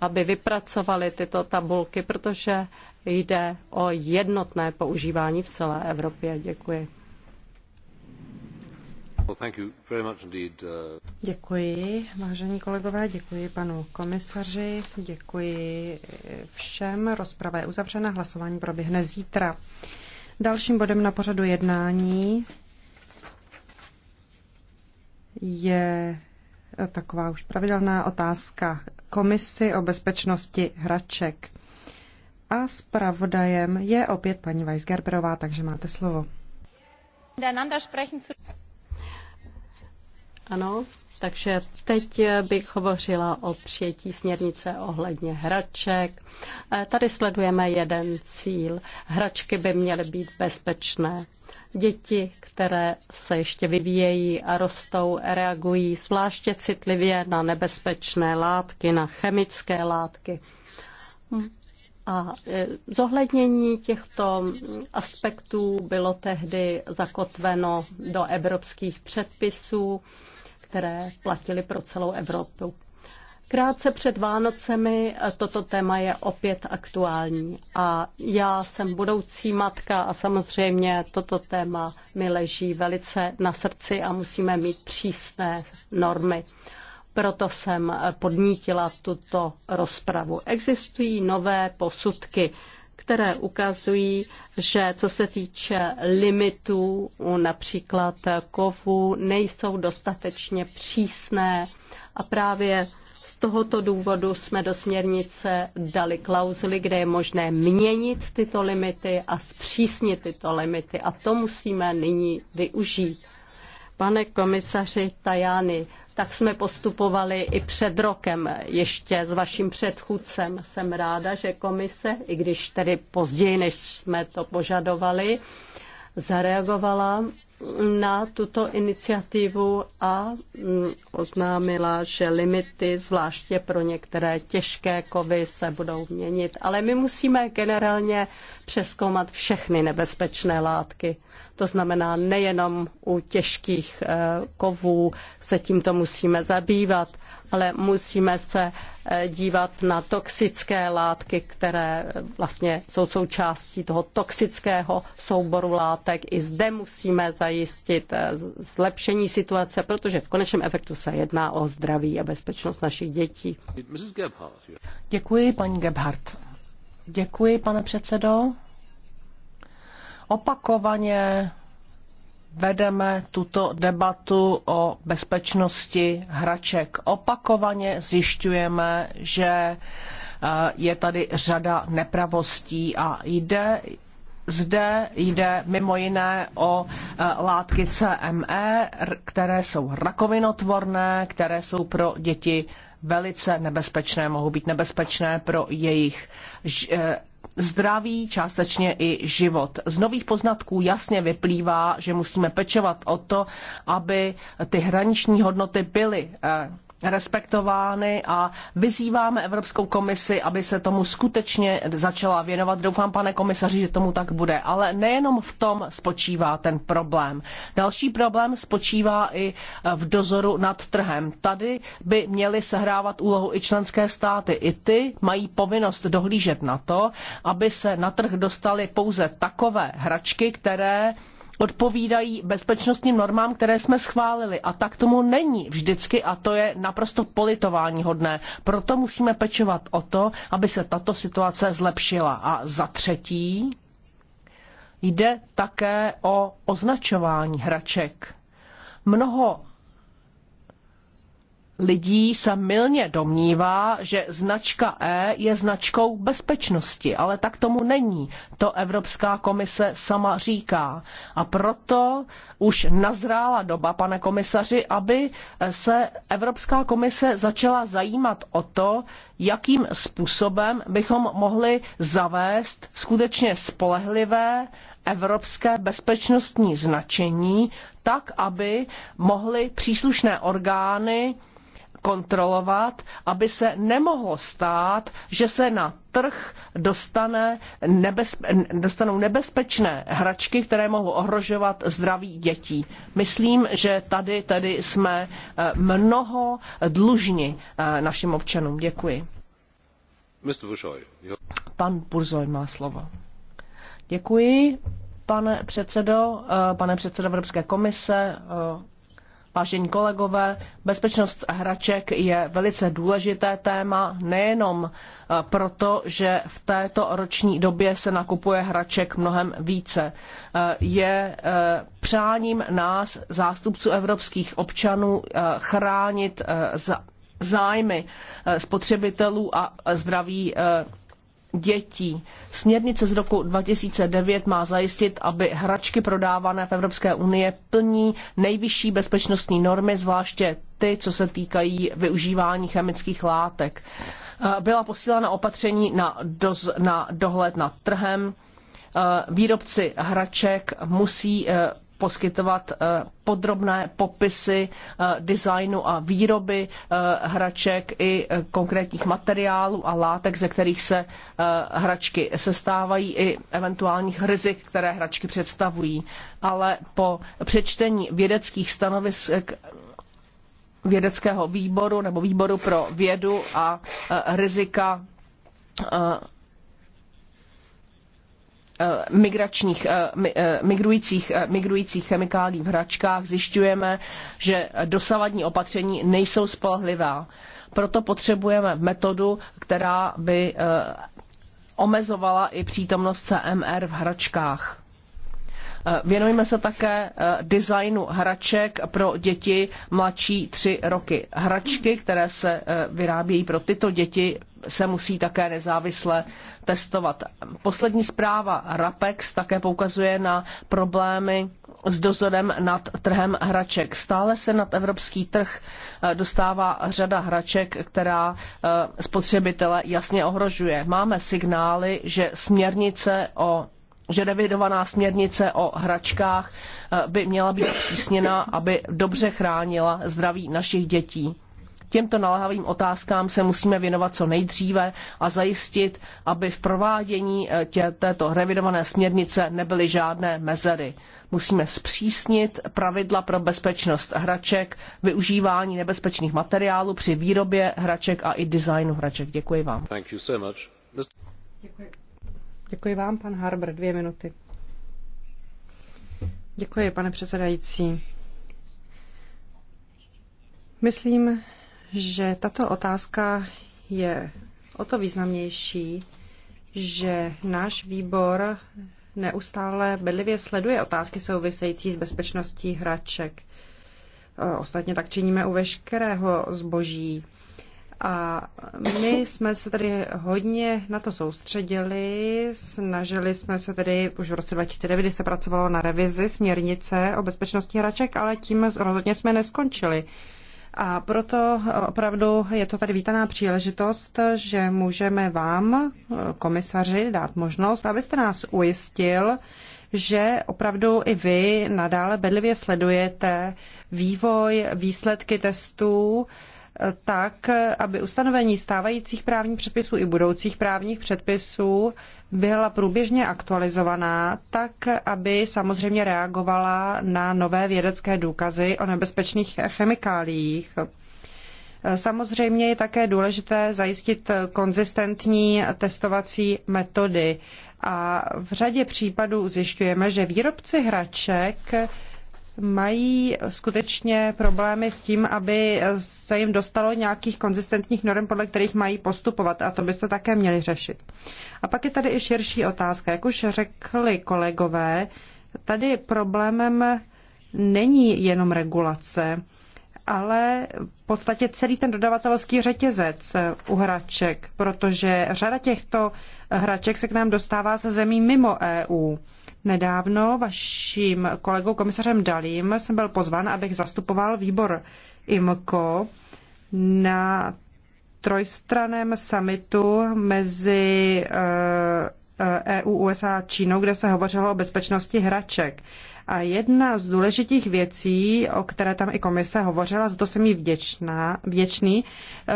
aby vypracovali tyto tabulky, protože jde o jednotné používání v celé Evropě. Děkuji. Uh, děkuji, vážení kolegové, děkuji panu komisaři, děkuji všem. Rozprava je uzavřena, hlasování proběhne zítra. Dalším bodem na pořadu jednání je taková už pravidelná otázka komisi o bezpečnosti hraček. A zpravodajem je opět paní Weisgerberová, takže máte slovo. Ano, takže teď bych hovořila o přijetí směrnice ohledně hraček. E, tady sledujeme jeden cíl. Hračky by měly být bezpečné. Děti, které se ještě vyvíjejí a rostou, reagují zvláště citlivě na nebezpečné látky, na chemické látky. A e, zohlednění těchto aspektů bylo tehdy zakotveno do evropských předpisů, které platily pro celou Evropu. Krátce před Vánocemi toto téma je opět aktuální a já jsem budoucí matka a samozřejmě toto téma mi leží velice na srdci a musíme mít přísné normy. Proto jsem podnítila tuto rozpravu. Existují nové posudky, které ukazují, že co se týče limitů například kovů, nejsou dostatečně přísné a právě z tohoto důvodu jsme do směrnice dali klauzuly, kde je možné měnit tyto limity a zpřísnit tyto limity. A to musíme nyní využít. Pane komisaři Tajány, tak jsme postupovali i před rokem, ještě s vaším předchůdcem. Jsem ráda, že komise, i když tedy později, než jsme to požadovali, zareagovala na tuto iniciativu a mm, oznámila, že limity, zvláště pro některé těžké kovy, se budou měnit. Ale my musíme generálně přeskoumat všechny nebezpečné látky. To znamená, nejenom u těžkých eh, kovů se tímto musíme zabývat, ale musíme se eh, dívat na toxické látky, které eh, vlastně jsou součástí toho toxického souboru látek. I zde musíme zajistit zlepšení situace, protože v konečném efektu se jedná o zdraví a bezpečnost našich dětí. Děkuji, paní Gebhardt. Děkuji, pane předsedo. Opakovaně vedeme tuto debatu o bezpečnosti hraček. Opakovaně zjišťujeme, že eh, je tady řada nepravostí a jde zde jde mimo jiné o eh, látky CME, které jsou rakovinotvorné, které jsou pro děti velice nebezpečné, mohou být nebezpečné pro jejich eh, zdraví, částečně i život. Z nových poznatků jasně vyplývá, že musíme pečovat o to, aby ty hraniční hodnoty byly eh, respektovány a vyzýváme Evropskou komisi, aby se tomu skutečně začala věnovat. Doufám, pane komisaři, že tomu tak bude. Ale nejenom v tom spočívá ten problém. Další problém spočívá i v dozoru nad trhem. Tady by měly sehrávat úlohu i členské státy. I ty mají povinnost dohlížet na to, aby se na trh dostaly pouze takové hračky, které odpovídají bezpečnostním normám, které jsme schválili. A tak tomu není vždycky a to je naprosto politování hodné. Proto musíme pečovat o to, aby se tato situace zlepšila. A za třetí jde také o označování hraček. Mnoho lidí se mylně domnívá, že značka E je značkou bezpečnosti, ale tak tomu není. To Evropská komise sama říká. A proto už nazrála doba, pane komisaři, aby se Evropská komise začala zajímat o to, jakým způsobem bychom mohli zavést skutečně spolehlivé evropské bezpečnostní značení, tak aby mohly příslušné orgány kontrolovat, aby se nemohlo stát, že se na trh dostane nebezpe- dostanou nebezpečné hračky, které mohou ohrožovat zdraví dětí. Myslím, že tady tedy jsme eh, mnoho dlužni eh, našim občanům. Děkuji. Pan Burzoj má slovo. Děkuji, pane předsedo, eh, pane předsedo Evropské komise, Vážení kolegové, bezpečnost hraček je velice důležité téma, nejenom eh, proto, že v této roční době se nakupuje hraček mnohem více. Eh, je eh, přáním nás, zástupců evropských občanů, chránit zájmy spotřebitelů a zdraví dětí. Směrnice z roku 2009 má zajistit, aby hračky prodávané v Evropské unii plní nejvyšší bezpečnostní normy, zvláště ty, co se týkají využívání chemických látek. Eh, byla posílána opatření na, doz, na dohled nad trhem. Eh, výrobci hraček musí eh, poskytovat eh, podrobné popisy eh, designu a výroby eh, hraček i konkrétních materiálů a látek, ze kterých se hračky sestávají i eventuálních rizik, které hračky představují. Ale po přečtení vědeckých stanovisek vědeckého výboru nebo výboru pro vědu a rizika Eh, migračních, eh, eh, migrujících, migrujících chemikálí v hračkách zjišťujeme, že dosavadní opatření nejsou spolehlivá. Proto potřebujeme metodu, která by omezovala i přítomnost CMR v hračkách. Věnujeme se také designu hraček pro děti mladší tři roky. Hračky, které se vyrábějí pro tyto děti, se musí také nezávisle testovat. Poslední zpráva RAPEX také poukazuje na problémy s dozorem nad trhem hraček. Stále se nad evropský trh eh, dostává řada hraček, která eh, spotřebitele jasně ohrožuje. Máme signály, že směrnice o že revidovaná směrnice o hračkách eh, by měla být přísněna, aby dobře chránila zdraví našich dětí. Těmto naléhavým otázkám se musíme věnovat co nejdříve a zajistit, aby v provádění eh, tě, této revidované směrnice nebyly žádné mezery. Musíme zpřísnit pravidla pro bezpečnost hraček, využívání nebezpečných materiálů při výrobě hraček a i designu hraček. Děkuji vám. So Děkuji. Děkuji vám, pan Harber, dvě minuty. Děkuji, pane předsedající. Myslím, že tato otázka je o to významnější, že náš výbor neustále bedlivě sleduje otázky související s bezpečností hraček. E, ostatně tak činíme u veškerého zboží. A my jsme se tedy hodně na to soustředili, snažili jsme se tedy, už v roce 2009 kdy se pracovalo na revizi směrnice o bezpečnosti hraček, ale tím rozhodně jsme neskončili. A proto eh, opravdu je to tady vítaná příležitost, že můžeme vám, eh, komisaři, dát možnost, abyste nás ujistil, že opravdu i vy nadále bedlivě sledujete vývoj, výsledky testů, tak, aby ustanovení stávajících právních předpisů i budoucích právních předpisů byla průběžně aktualizovaná, tak, aby samozřejmě reagovala na nové vědecké důkazy o nebezpečných chemikáliích. Samozřejmě je také důležité zajistit konzistentní testovací metody. A v řadě případů zjišťujeme, že výrobci hraček mají skutečně problémy s tím, aby se jim dostalo nějakých konzistentních norm, podle kterých mají postupovat a to byste také měli řešit. A pak je tady i širší otázka. Jak už řekli kolegové, tady problémem není jenom regulace, ale v podstatě celý ten dodavatelský řetězec u hraček, protože řada těchto hraček se k nám dostává ze zemí mimo EU. Nedávno vaším kolegou komisařem Dalím jsem byl pozván, abych zastupoval výbor IMCO na trojstraném summitu mezi EU, eh, eh, e USA a Čínou, kde se hovořilo o bezpečnosti hraček. A jedna z důležitých věcí, o které tam i komise hovořila, za to jsem jí vděčná, vděčný,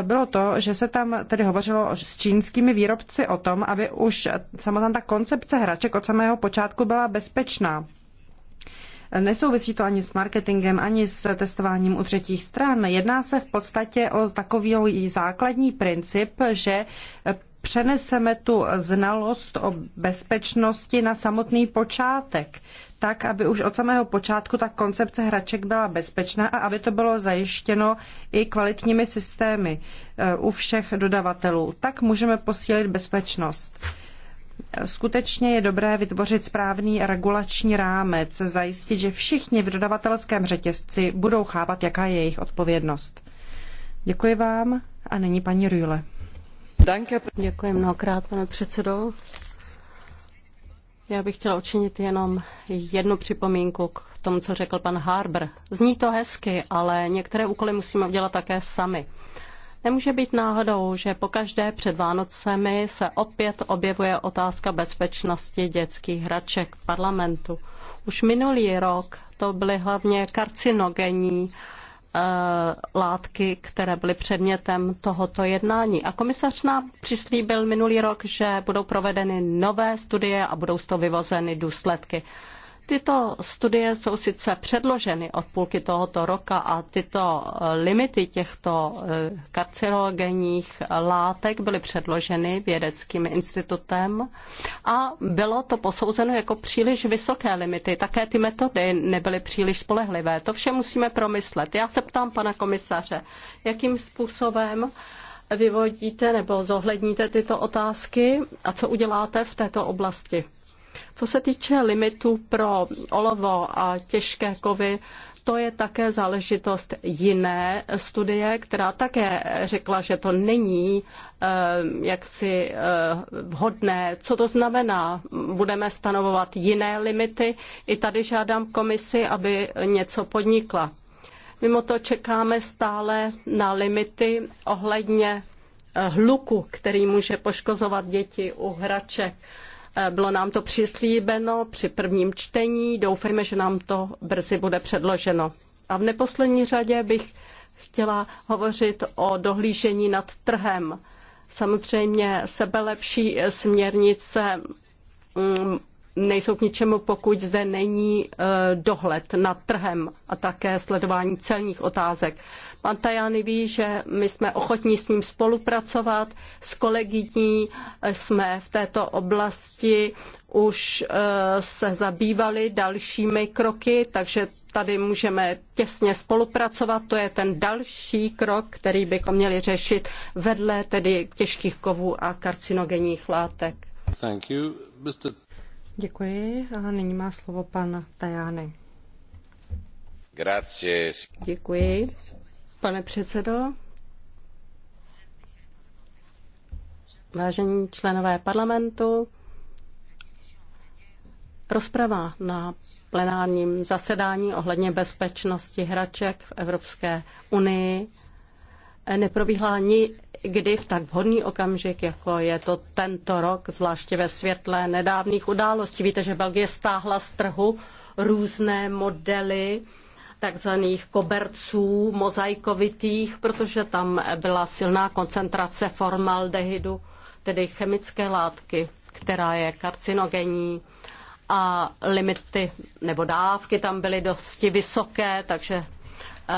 bylo to, že se tam tedy hovořilo s čínskými výrobci o tom, aby už samotná ta koncepce hraček od samého počátku byla bezpečná. Nesouvisí to ani s marketingem, ani s testováním u třetích stran. Jedná se v podstatě o takový základní princip, že přeneseme tu znalost o bezpečnosti na samotný počátek, tak, aby už od samého počátku ta koncepce hraček byla bezpečná a aby to bylo zajištěno i kvalitními systémy eh, u všech dodavatelů. Tak můžeme posílit bezpečnost. Skutečně je dobré vytvořit správný regulační rámec, zajistit, že všichni v dodavatelském řetězci budou chápat, jaká je jejich odpovědnost. Děkuji vám a není paní Rüle. Děkuji mnohokrát, pane předsedo. Já bych chtěla učinit jenom jednu připomínku k tomu, co řekl pan Harber. Zní to hezky, ale některé úkoly musíme udělat také sami. Nemůže být náhodou, že pokaždé před Vánocemi se opět objevuje otázka bezpečnosti dětských hraček v parlamentu. Už minulý rok to byly hlavně karcinogenní Eh, látky, které byly předmětem tohoto jednání. A komisař nám přislíbil minulý rok, že budou provedeny nové studie a budou z toho vyvozeny důsledky. Tyto studie jsou sice předloženy od půlky tohoto roka a tyto limity těchto eh, karcinogenních látek byly předloženy vědeckým institutem a bylo to posouzeno jako příliš vysoké limity. Také ty metody nebyly příliš spolehlivé. To vše musíme promyslet. Já se ptám pana komisaře, jakým způsobem vyvodíte nebo zohledníte tyto otázky a co uděláte v této oblasti? Co se týče limitů pro olovo a těžké kovy, to je také záležitost jiné studie, která také řekla, že to není eh, jaksi eh, vhodné. Co to znamená? Budeme stanovovat jiné limity. I tady žádám komisi, aby něco podnikla. Mimo to čekáme stále na limity ohledně eh, hluku, který může poškozovat děti u hraček. Eh, bylo nám to přislíbeno při prvním čtení, doufejme, že nám to brzy bude předloženo. A v neposlední řadě bych chtěla hovořit o dohlížení nad trhem. Samozřejmě sebelepší směrnice mm, nejsou k ničemu, pokud zde není eh, dohled nad trhem a také sledování celních otázek. Pan Tajani ví, že my jsme ochotní s ním spolupracovat, s kolegyní eh, jsme v této oblasti už eh, se zabývali dalšími kroky, takže tady můžeme těsně spolupracovat. To je ten další krok, který bychom měli řešit vedle tedy těžkých kovů a karcinogenních látek. Thank you. Mr. Děkuji a nyní má slovo pan Tajány. Děkuji. Pane předsedo, vážení členové parlamentu, rozprava na plenárním zasedání ohledně bezpečnosti hraček v Evropské unii neprobíhla nikdy v tak vhodný okamžik, jako je to tento rok, zvláště ve světle nedávných událostí. Víte, že Belgie stáhla z trhu různé modely takzvaných koberců mozaikovitých, protože tam byla silná koncentrace formaldehydu, tedy chemické látky, která je karcinogenní a limity nebo dávky tam byly dosti vysoké, takže eh,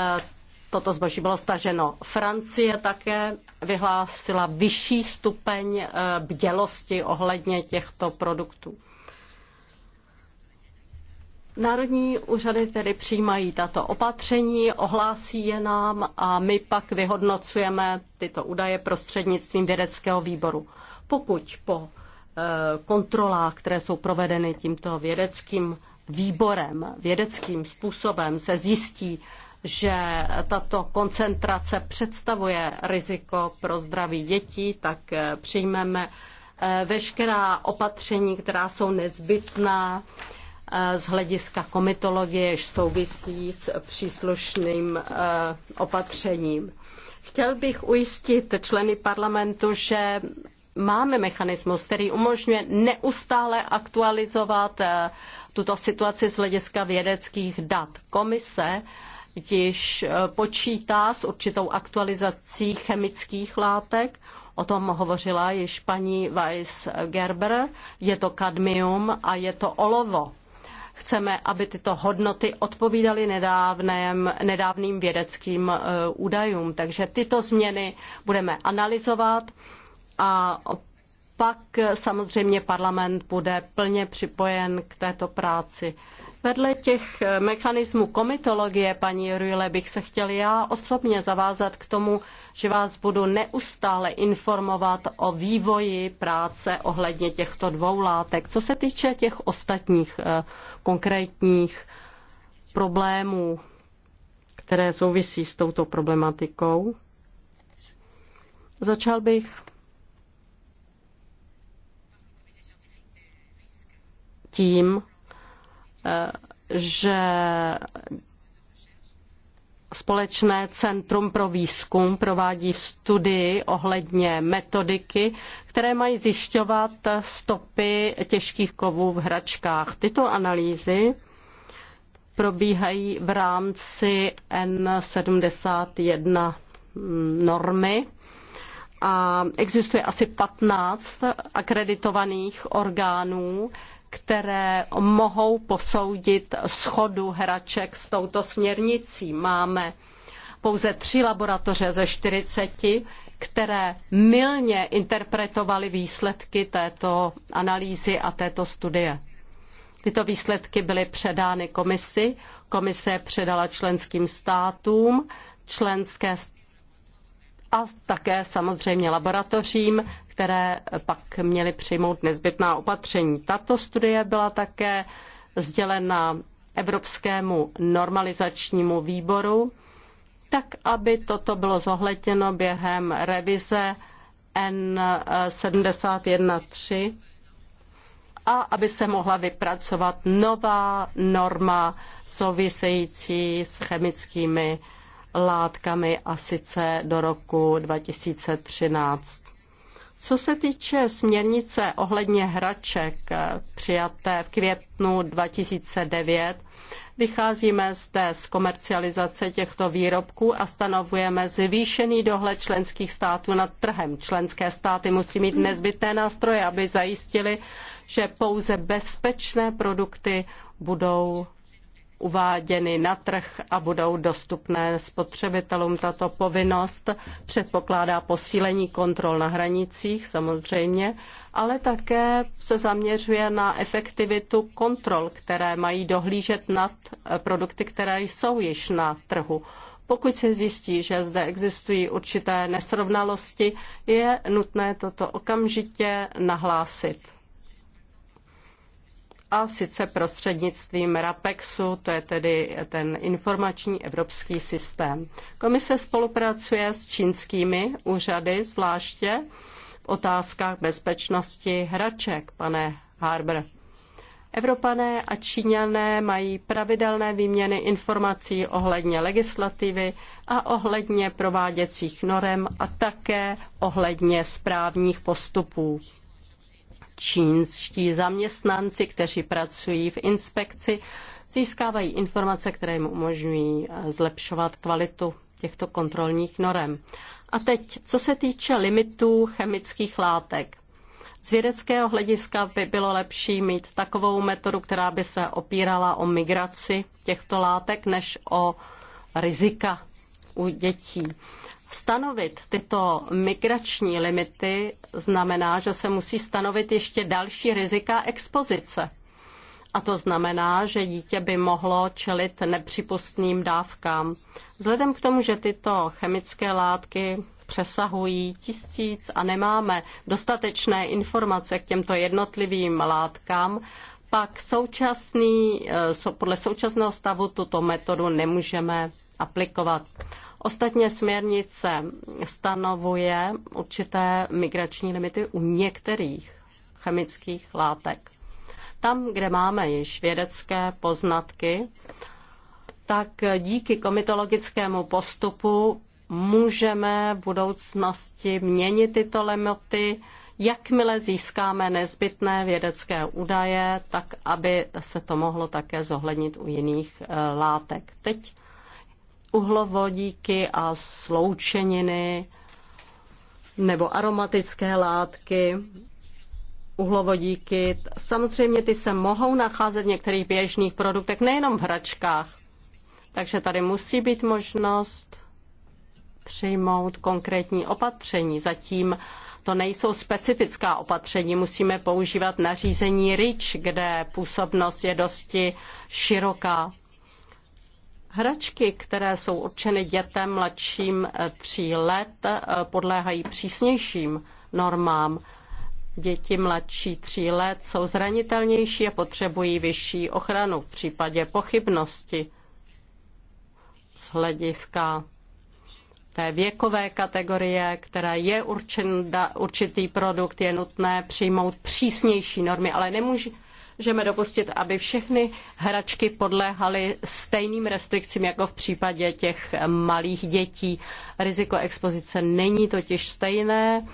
toto zboží bylo staženo. Francie také vyhlásila vyšší stupeň eh, bdělosti ohledně těchto produktů. Národní úřady tedy přijímají tato opatření, ohlásí je nám a my pak vyhodnocujeme tyto údaje prostřednictvím vědeckého výboru. Pokud po e, kontrolách, které jsou provedeny tímto vědeckým výborem, vědeckým způsobem se zjistí, že tato koncentrace představuje riziko pro zdraví dětí, tak e, přijmeme e, veškerá opatření, která jsou nezbytná z hlediska komitologie, jež souvisí s příslušným e, opatřením. Chtěl bych ujistit členy parlamentu, že máme mechanismus, který umožňuje neustále aktualizovat e, tuto situaci z hlediska vědeckých dat. Komise již e, počítá s určitou aktualizací chemických látek. O tom hovořila již paní Weiss Gerber. Je to kadmium a je to olovo. Chceme, aby tyto hodnoty odpovídaly nedávném, nedávným vědeckým e, údajům. Takže tyto změny budeme analyzovat a pak samozřejmě parlament bude plně připojen k této práci. Vedle těch eh, mechanismů komitologie, paní Ruile, bych se chtěl já osobně zavázat k tomu, že vás budu neustále informovat o vývoji práce ohledně těchto dvou látek. Co se týče těch ostatních eh, konkrétních problémů, které souvisí s touto problematikou, začal bych tím, že společné centrum pro výzkum provádí studii ohledně metodiky, které mají zjišťovat stopy těžkých kovů v hračkách. Tyto analýzy probíhají v rámci N71 normy a existuje asi 15 akreditovaných orgánů, které mohou posoudit schodu hraček s touto směrnicí. Máme pouze tři laboratoře ze 40, které mylně interpretovaly výsledky této analýzy a této studie. Tyto výsledky byly předány komisi, komise je předala členským státům, členské a také samozřejmě laboratořím které pak měly přijmout nezbytná opatření. Tato studie byla také sdělena Evropskému normalizačnímu výboru, tak aby toto bylo zohleděno během revize N71.3 a aby se mohla vypracovat nová norma související s chemickými látkami a sice do roku 2013. Co se týče směrnice ohledně hraček eh, přijaté v květnu 2009, vycházíme zde z komercializace těchto výrobků a stanovujeme zvýšený dohled členských států nad trhem. Členské státy musí mít nezbytné nástroje, aby zajistili, že pouze bezpečné produkty budou uváděny na trh a budou dostupné spotřebitelům. Tato povinnost předpokládá posílení kontrol na hranicích samozřejmě, ale také se zaměřuje na efektivitu kontrol, které mají dohlížet nad produkty, které jsou již na trhu. Pokud se zjistí, že zde existují určité nesrovnalosti, je nutné toto okamžitě nahlásit a sice prostřednictvím RAPEXu, to je tedy ten informační evropský systém. Komise spolupracuje s čínskými úřady, zvláště v otázkách bezpečnosti hraček, pane Harbour. Evropané a Číňané mají pravidelné výměny informací ohledně legislativy a ohledně prováděcích norem a také ohledně správních postupů čínští zaměstnanci, kteří pracují v inspekci, získávají informace, které jim umožňují eh, zlepšovat kvalitu těchto kontrolních norem. A teď, co se týče limitů chemických látek. Z vědeckého hlediska by bylo lepší mít takovou metodu, která by se opírala o migraci těchto látek, než o rizika u dětí. Stanovit tyto migrační limity znamená, že se musí stanovit ještě další rizika expozice. A to znamená, že dítě by mohlo čelit nepřípustným dávkám. Vzhledem k tomu, že tyto chemické látky přesahují tisíc a nemáme dostatečné informace k těmto jednotlivým látkám, pak současný, eh, podle současného stavu tuto metodu nemůžeme aplikovat. Ostatně směrnice stanovuje určité migrační limity u některých chemických látek. Tam, kde máme již vědecké poznatky, tak díky komitologickému postupu můžeme v budoucnosti měnit tyto limity, jakmile získáme nezbytné vědecké údaje, tak aby se to mohlo také zohlednit u jiných eh, látek. Teď uhlovodíky a sloučeniny nebo aromatické látky, uhlovodíky. Samozřejmě ty se mohou nacházet v některých běžných produktech, nejenom v hračkách. Takže tady musí být možnost přijmout konkrétní opatření. Zatím to nejsou specifická opatření, musíme používat nařízení RIČ, kde působnost je dosti široká. Hračky, které jsou určeny dětem mladším eh, tří let, eh, podléhají přísnějším normám. Děti mladší tří let jsou zranitelnější a potřebují vyšší ochranu v případě pochybnosti z hlediska té věkové kategorie, která je určen, určitý produkt, je nutné přijmout přísnější normy, ale nemůže, můžeme dopustit, aby všechny hračky podléhaly stejným restrikcím jako v případě těch malých dětí. Riziko expozice není totiž stejné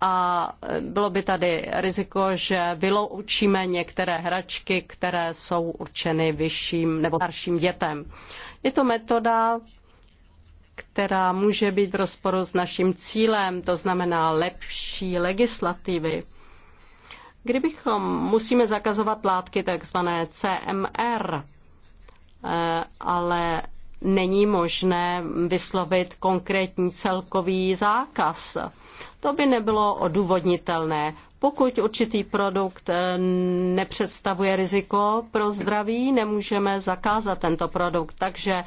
a bylo by tady riziko, že vyloučíme některé hračky, které jsou určeny vyšším nebo starším dětem. Je to metoda, která může být v rozporu s naším cílem, to znamená lepší legislativy. Kdybychom musíme zakazovat látky takzvané CMR, eh, ale není možné vyslovit konkrétní celkový zákaz. To by nebylo odůvodnitelné. Pokud určitý produkt eh, nepředstavuje riziko pro zdraví, nemůžeme zakázat tento produkt. Takže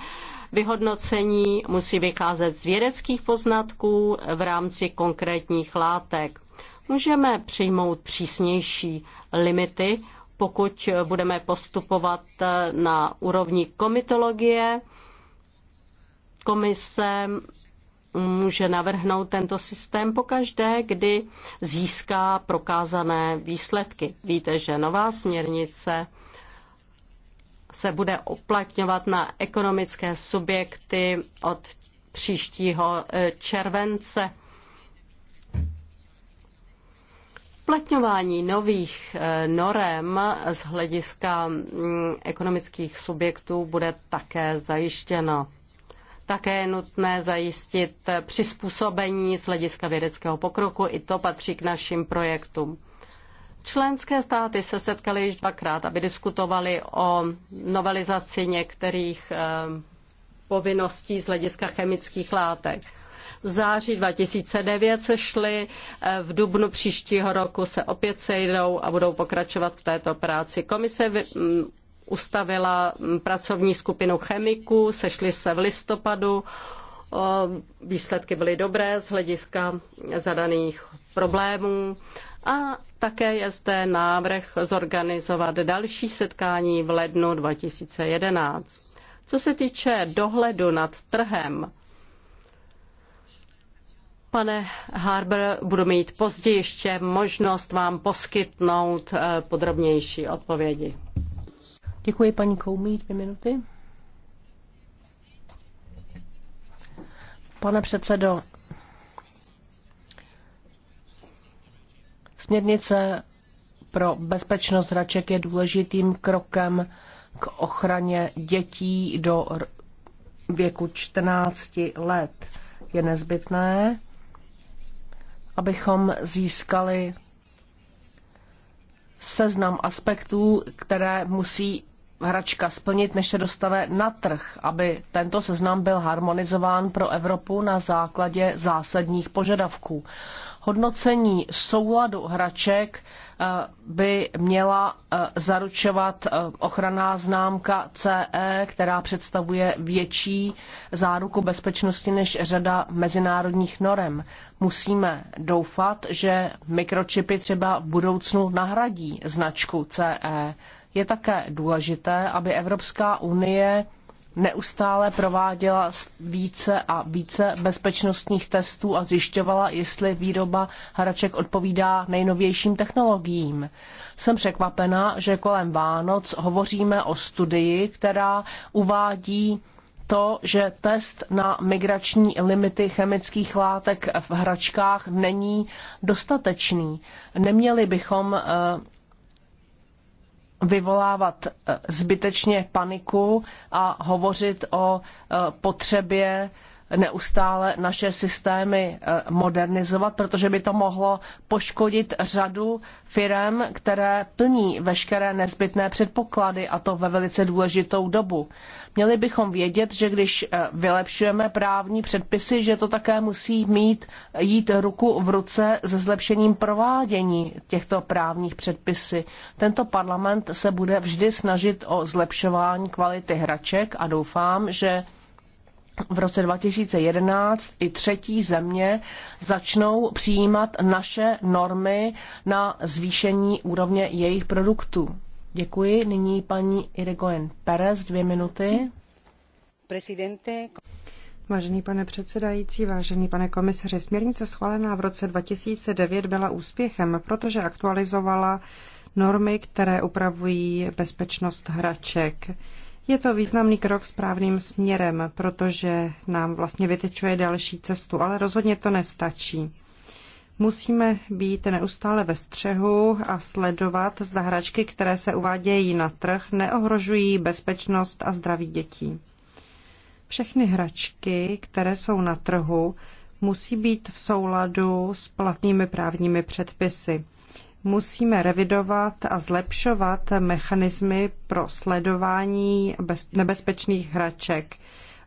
vyhodnocení musí vycházet z vědeckých poznatků v rámci konkrétních látek. Můžeme přijmout přísnější limity, pokud budeme postupovat na úrovni komitologie. Komise může navrhnout tento systém pokaždé, kdy získá prokázané výsledky. Víte, že nová směrnice se bude oplatňovat na ekonomické subjekty od příštího eh, července. uplatňování nových eh, norem z hlediska mm, ekonomických subjektů bude také zajištěno. Také je nutné zajistit eh, přizpůsobení z hlediska vědeckého pokroku, i to patří k našim projektům. Členské státy se setkaly již dvakrát, aby diskutovali o novelizaci některých eh, povinností z hlediska chemických látek září 2009 sešli, eh, v dubnu příštího roku se opět sejdou a budou pokračovat v této práci. Komise mm, ustavila mm, pracovní skupinu chemiků, sešli se v listopadu, výsledky byly dobré z hlediska zadaných problémů a také je zde návrh zorganizovat další setkání v lednu 2011. Co se týče dohledu nad trhem, Pane Harber, budu mít později ještě možnost vám poskytnout eh, podrobnější odpovědi. Děkuji paní Koumí, dvě minuty. Pane předsedo, směrnice pro bezpečnost hraček je důležitým krokem k ochraně dětí do věku 14 let. Je nezbytné, abychom získali seznam aspektů, které musí hračka splnit, než se dostane na trh, aby tento seznam byl harmonizován pro Evropu na základě zásadních požadavků. Hodnocení souladu hraček eh, by měla eh, zaručovat eh, ochranná známka CE, která představuje větší záruku bezpečnosti než řada mezinárodních norem. Musíme doufat, že mikročipy třeba v budoucnu nahradí značku CE je také důležité, aby Evropská unie neustále prováděla více a více bezpečnostních testů a zjišťovala, jestli výroba hraček odpovídá nejnovějším technologiím. Jsem překvapena, že kolem Vánoc hovoříme o studii, která uvádí to, že test na migrační limity chemických látek v hračkách není dostatečný. Neměli bychom eh, vyvolávat eh, zbytečně paniku a hovořit o eh, potřebě neustále naše systémy eh, modernizovat, protože by to mohlo poškodit řadu firm, které plní veškeré nezbytné předpoklady a to ve velice důležitou dobu. Měli bychom vědět, že když eh, vylepšujeme právní předpisy, že to také musí mít jít ruku v ruce se zlepšením provádění těchto právních předpisů. Tento parlament se bude vždy snažit o zlepšování kvality hraček a doufám, že v roce 2011 i třetí země začnou přijímat naše normy na zvýšení úrovně jejich produktů. Děkuji. Nyní paní Irigoyen Perez, dvě minuty. Presidente. Vážený pane předsedající, vážený pane komisaři, směrnice schválená v roce 2009 byla úspěchem, protože aktualizovala normy, které upravují bezpečnost hraček. Je to významný krok správným směrem, protože nám vlastně vytečuje další cestu, ale rozhodně to nestačí. Musíme být neustále ve střehu a sledovat, zda hračky, které se uvádějí na trh, neohrožují bezpečnost a zdraví dětí. Všechny hračky, které jsou na trhu, musí být v souladu s platnými právními předpisy musíme revidovat a zlepšovat mechanismy pro sledování nebezpečných hraček,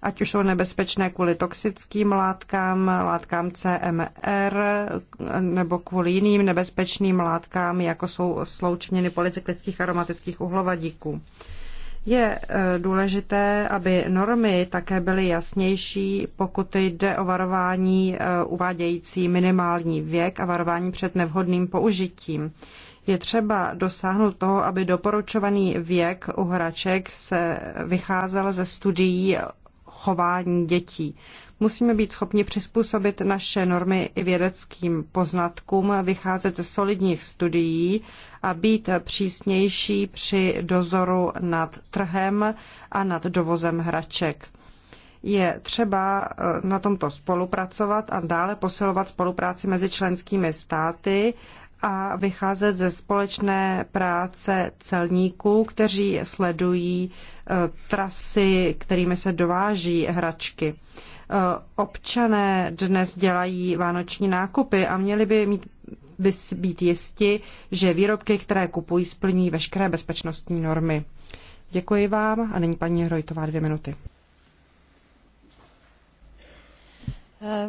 ať už jsou nebezpečné kvůli toxickým látkám, látkám CMR nebo kvůli jiným nebezpečným látkám, jako jsou sloučeniny polycyklických aromatických uhlovadíků. Je eh, důležité, aby normy také byly jasnější, pokud jde o varování eh, uvádějící minimální věk a varování před nevhodným použitím. Je třeba dosáhnout toho, aby doporučovaný věk u hraček se vycházel ze studií chování dětí. Musíme být schopni přizpůsobit naše normy i vědeckým poznatkům, vycházet ze solidních studií a být přísnější při dozoru nad trhem a nad dovozem hraček je třeba eh, na tomto spolupracovat a dále posilovat spolupráci mezi členskými státy a vycházet ze společné práce celníků, kteří sledují eh, trasy, kterými se dováží hračky. Eh, občané dnes dělají vánoční nákupy a měli by mít by si být jisti, že výrobky, které kupují, splní veškeré bezpečnostní normy. Děkuji vám a nyní paní Hrojtová dvě minuty. Eh,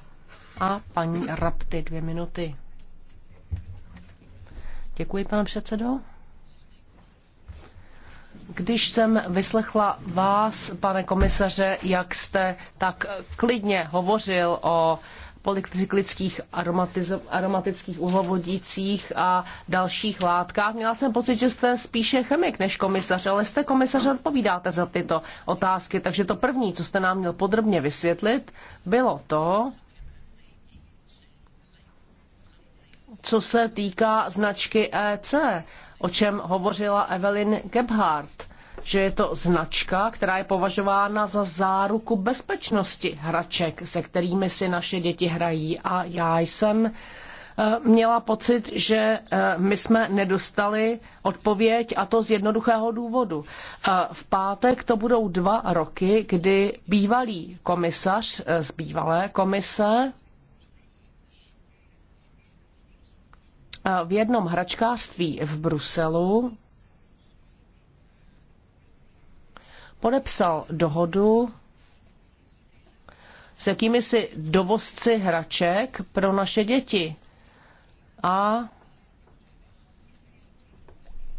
a paní Rapty dvě minuty. Děkuji, pane předsedo. Když jsem vyslechla vás, pane komisaře, jak jste tak klidně hovořil o polycyklických aromatických uhlovodících a dalších látkách. Měla jsem pocit, že jste spíše chemik než komisař, ale jste komisař a odpovídáte za tyto otázky. Takže to první, co jste nám měl podrobně vysvětlit, bylo to, co se týká značky EC, o čem hovořila Evelyn Gebhardt, že je to značka, která je považována za záruku bezpečnosti hraček, se kterými si naše děti hrají. A já jsem eh, měla pocit, že eh, my jsme nedostali odpověď a to z jednoduchého důvodu. Eh, v pátek to budou dva roky, kdy bývalý komisař z bývalé komise Eh, v jednom hračkářství v Bruselu podepsal dohodu s jakými si dovozci hraček pro naše děti. A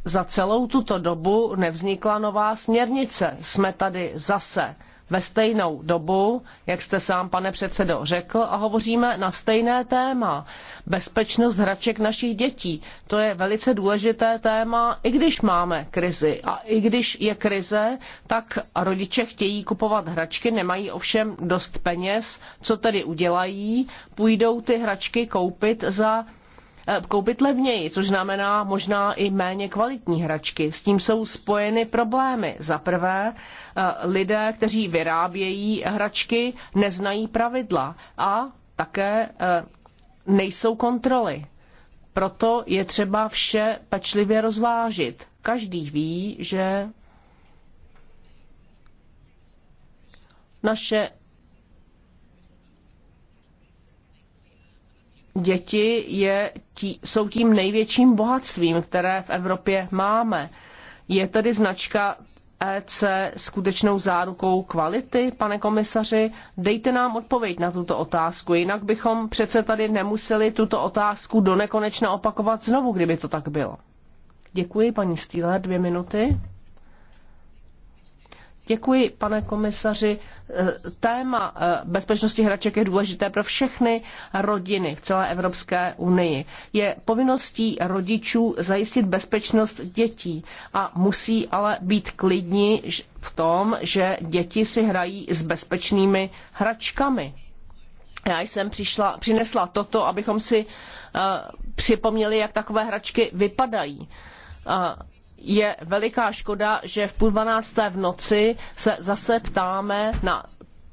za celou tuto dobu nevznikla nová směrnice. Jsme tady zase ve stejnou dobu, jak jste sám, pane předsedo, řekl, a hovoříme na stejné téma. Bezpečnost hraček našich dětí. To je velice důležité téma, i když máme krizi. A i když je krize, tak rodiče chtějí kupovat hračky, nemají ovšem dost peněz. Co tedy udělají? Půjdou ty hračky koupit za Eh, koupit levněji, což znamená možná i méně kvalitní hračky. S tím jsou spojeny problémy. Za prvé, eh, lidé, kteří vyrábějí hračky, neznají pravidla a také eh, nejsou kontroly. Proto je třeba vše pečlivě rozvážit. Každý ví, že naše děti je, tí, jsou tím největším bohatstvím, které v Evropě máme. Je tedy značka EC skutečnou zárukou kvality, pane komisaři? Dejte nám odpověď na tuto otázku, jinak bychom přece tady nemuseli tuto otázku do nekonečna opakovat znovu, kdyby to tak bylo. Děkuji, paní Stýle, dvě minuty. Děkuji, pane komisaři. E, téma e, bezpečnosti hraček je důležité pro všechny rodiny v celé Evropské unii. Je povinností rodičů zajistit bezpečnost dětí a musí ale být klidní v tom, že děti si hrají s bezpečnými hračkami. Já jsem přišla, přinesla toto, abychom si uh, připomněli, jak takové hračky vypadají. Uh, je veliká škoda, že v půl dvanácté v noci se zase ptáme na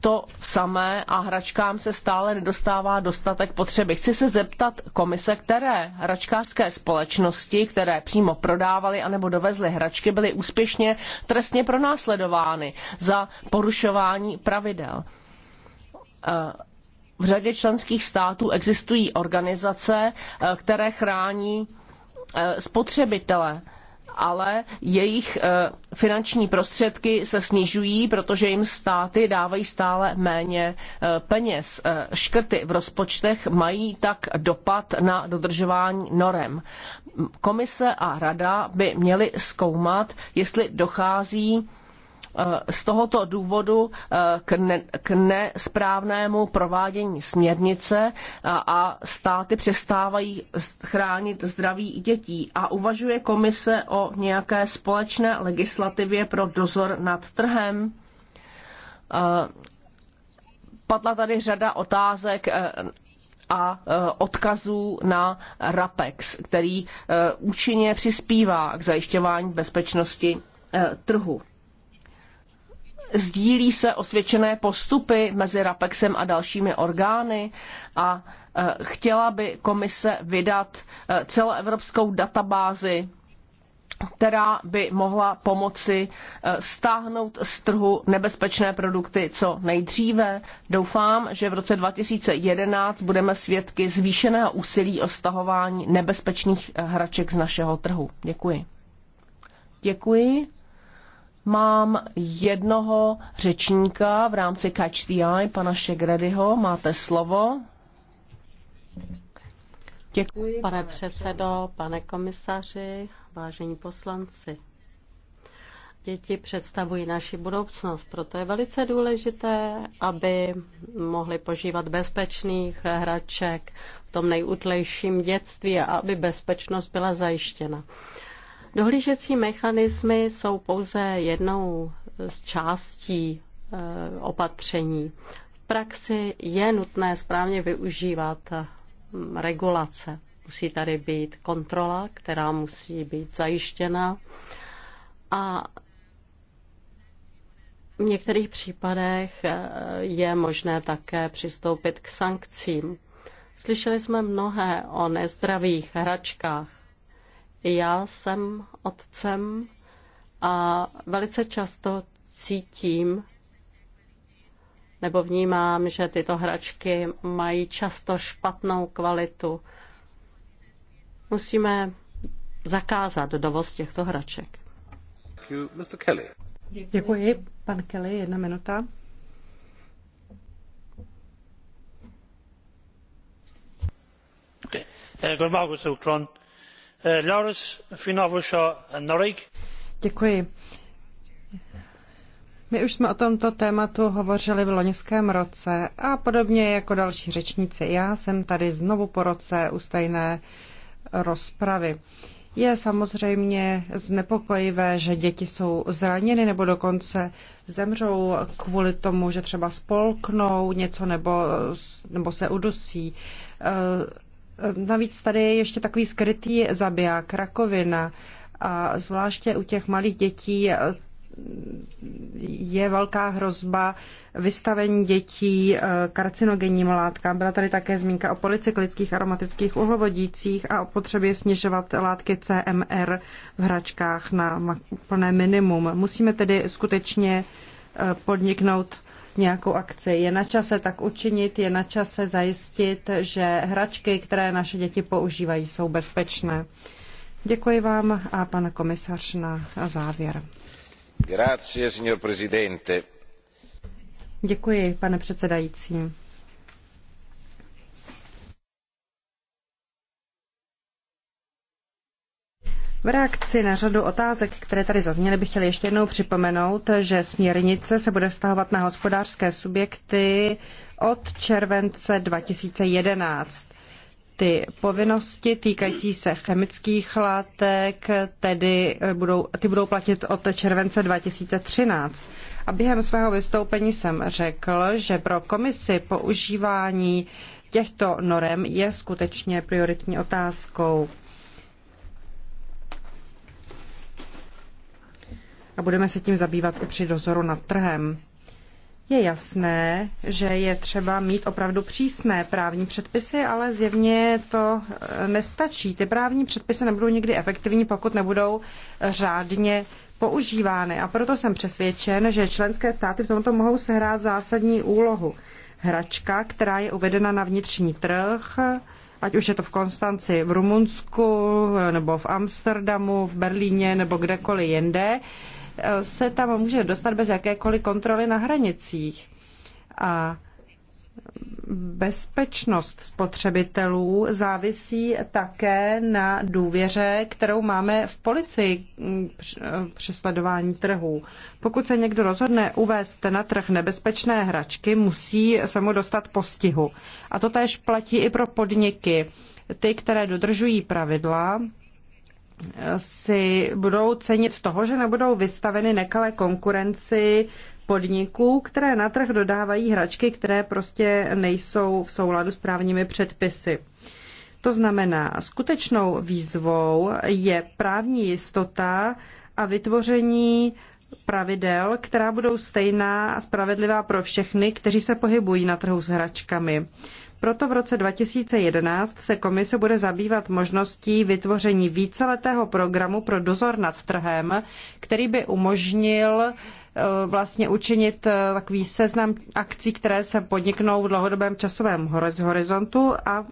to samé a hračkám se stále nedostává dostatek potřeby. Chci se zeptat komise, které hračkářské společnosti, které přímo prodávaly anebo dovezly hračky, byly úspěšně trestně pronásledovány za porušování pravidel. Eh, v řadě členských států existují organizace, eh, které chrání eh, spotřebitele ale jejich eh, finanční prostředky se snižují, protože jim státy dávají stále méně eh, peněz. Eh, škrty v rozpočtech mají tak dopad na dodržování norem. Komise a rada by měly zkoumat, jestli dochází Eh, z tohoto důvodu eh, k, ne, k nesprávnému provádění směrnice a, eh, a státy přestávají chránit zdraví dětí a uvažuje komise o nějaké společné legislativě pro dozor nad trhem. Padla tady řada otázek a odkazů na RAPEX, který účinně přispívá k zajišťování bezpečnosti trhu sdílí se osvědčené postupy mezi RAPEXem a dalšími orgány a e, chtěla by komise vydat e, celoevropskou databázi která by mohla pomoci e, stáhnout z trhu nebezpečné produkty co nejdříve. Doufám, že v roce 2011 budeme svědky zvýšeného úsilí o stahování nebezpečných hraček z našeho trhu. Děkuji. Děkuji. Mám jednoho řečníka v rámci Catch the Eye, pana Šegredyho. Máte slovo. Děkuji. Pane předsedo, pane komisaři, vážení poslanci. Děti představují naši budoucnost, proto je velice důležité, aby mohli požívat bezpečných hraček v tom nejutlejším dětství a aby bezpečnost byla zajištěna. Dohlížecí mechanismy jsou pouze jednou z částí eh, opatření. V praxi je nutné správně využívat hm, regulace. Musí tady být kontrola, která musí být zajištěna a v některých případech eh, je možné také přistoupit k sankcím. Slyšeli jsme mnohé o nezdravých hračkách, já jsem otcem a velice často cítím nebo vnímám, že tyto hračky mají často špatnou kvalitu. Musíme zakázat dovoz těchto hraček. Děkuji. Děkuji. Pan Kelly, jedna minuta. Okay. Eh, Eh, Děkuji. My už jsme o tomto tématu hovořili v loňském roce a podobně jako další řečníci. Já jsem tady znovu po roce u stejné rozpravy. Je samozřejmě znepokojivé, že děti jsou zraněny nebo dokonce zemřou kvůli tomu, že třeba spolknou něco nebo, nebo se udusí eh, Ehm, navíc tady je ještě takový skrytý zabiják, rakovina. A zvláště u těch malých dětí ehm, je velká hrozba vystavení dětí ehm, karcinogenním látkám. Byla tady také zmínka o polycyklických aromatických uhlovodících a o potřebě snižovat látky CMR v hračkách na plné minimum. Musíme tedy skutečně podniknout nějakou akci. Je na čase tak učinit, je na čase zajistit, že hračky, které naše děti používají, jsou bezpečné. Děkuji vám a pane komisař na závěr. Grazie, signor presidente. Děkuji, pane předsedající V reakci na řadu otázek, které tady zazněly, bych chtěl ještě jednou připomenout, že směrnice se bude vztahovat na hospodářské subjekty od července 2011. Ty povinnosti týkající se chemických látek, tedy budou, ty budou platit od července 2013. A během svého vystoupení jsem řekl, že pro komisi používání těchto norem je skutečně prioritní otázkou. a budeme se tím zabývat i při dozoru nad trhem. Je jasné, že je třeba mít opravdu přísné právní předpisy, ale zjevně to e, nestačí. Ty právní předpisy nebudou nikdy efektivní, pokud nebudou řádně používány. A proto jsem přesvědčen, že členské státy v tomto mohou sehrát zásadní úlohu. Hračka, která je uvedena na vnitřní trh, ať už je to v Konstanci, v Rumunsku, nebo v Amsterdamu, v Berlíně, nebo kdekoliv jinde, se tam může dostat bez jakékoliv kontroly na hranicích. A bezpečnost spotřebitelů závisí také na důvěře, kterou máme v policii přesledování trhů. Pokud se někdo rozhodne uvést na trh nebezpečné hračky, musí se mu dostat postihu. A to též platí i pro podniky. Ty, které dodržují pravidla, si budou cenit toho, že nebudou vystaveny nekalé konkurenci podniků, které na trh dodávají hračky, které prostě nejsou v souladu s právními předpisy. To znamená, skutečnou výzvou je právní jistota a vytvoření pravidel, která budou stejná a spravedlivá pro všechny, kteří se pohybují na trhu s hračkami. Proto v roce 2011 se komise bude zabývat možností vytvoření víceletého programu pro dozor nad trhem, který by umožnil eh, vlastně učinit eh, takový seznam akcí, které se podniknou v dlouhodobém časovém horizontu a,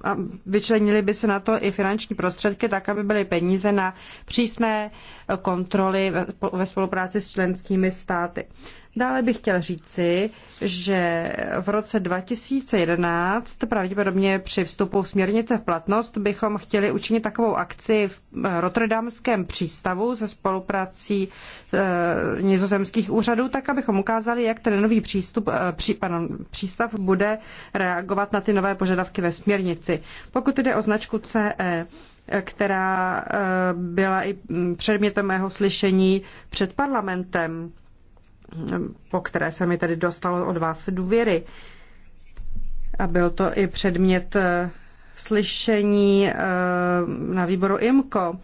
vyčlenili by se na to i finanční prostředky, tak aby byly peníze na přísné eh, kontroly ve spolupráci s členskými státy. Dále bych chtěl říci, že v roce 2011, pravděpodobně při vstupu směrnice v platnost, bychom chtěli učinit takovou akci v eh, Rotterdamském přístavu se spoluprací e, nizozemských úřadů, tak abychom ukázali, jak ten nový přístup, e, eh, pří, pardon, přístav bude reagovat na ty nové požadavky ve směrnici. Pokud jde o značku CE, která byla i mm, předmětem mého slyšení před parlamentem, po které se mi tedy dostalo od vás důvěry. A byl to i předmět eh, slyšení eh, na výboru IMCO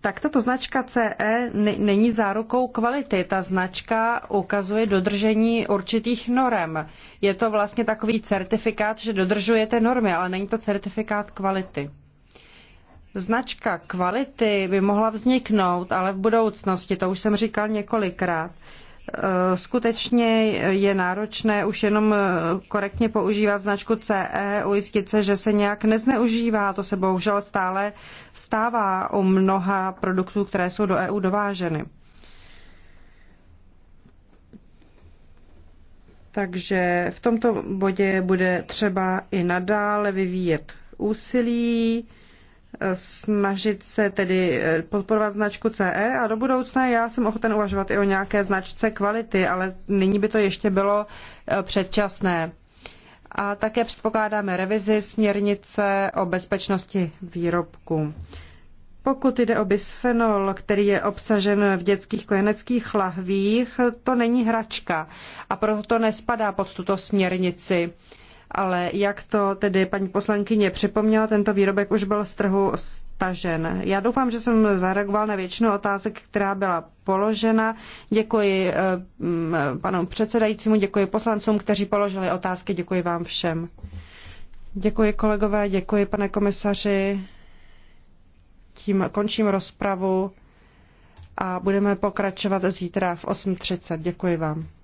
tak tato značka CE není zárukou kvality. Ta značka ukazuje dodržení určitých norem. Je to vlastně takový certifikát, že dodržujete normy, ale není to certifikát kvality. Značka kvality by mohla vzniknout, ale v budoucnosti, to už jsem říkal několikrát, Eh, skutečně je náročné už jenom eh, korektně používat značku CE, ujistit se, že se nějak nezneužívá. To se bohužel stále stává u mnoha produktů, které jsou do EU dováženy. Takže v tomto bodě bude třeba i nadále vyvíjet úsilí snažit se tedy eh, podporovat značku CE a do budoucna já jsem ochoten uvažovat i o nějaké značce kvality, ale nyní by to ještě bylo eh, předčasné. A také předpokládáme revizi směrnice o bezpečnosti výrobků. Pokud jde o bisfenol, který je obsažen v dětských kojeneckých lahvích, to není hračka a proto nespadá pod tuto směrnici ale jak to tedy paní poslankyně připomněla, tento výrobek už byl z trhu stažen. Já doufám, že jsem zareagoval na většinu otázek, která byla položena. Děkuji eh, mm, eh, panu předsedajícímu, děkuji poslancům, kteří položili otázky, děkuji vám všem. Děkuji kolegové, děkuji pane komisaři. Tím končím rozpravu a budeme pokračovat zítra v 8.30. Děkuji vám.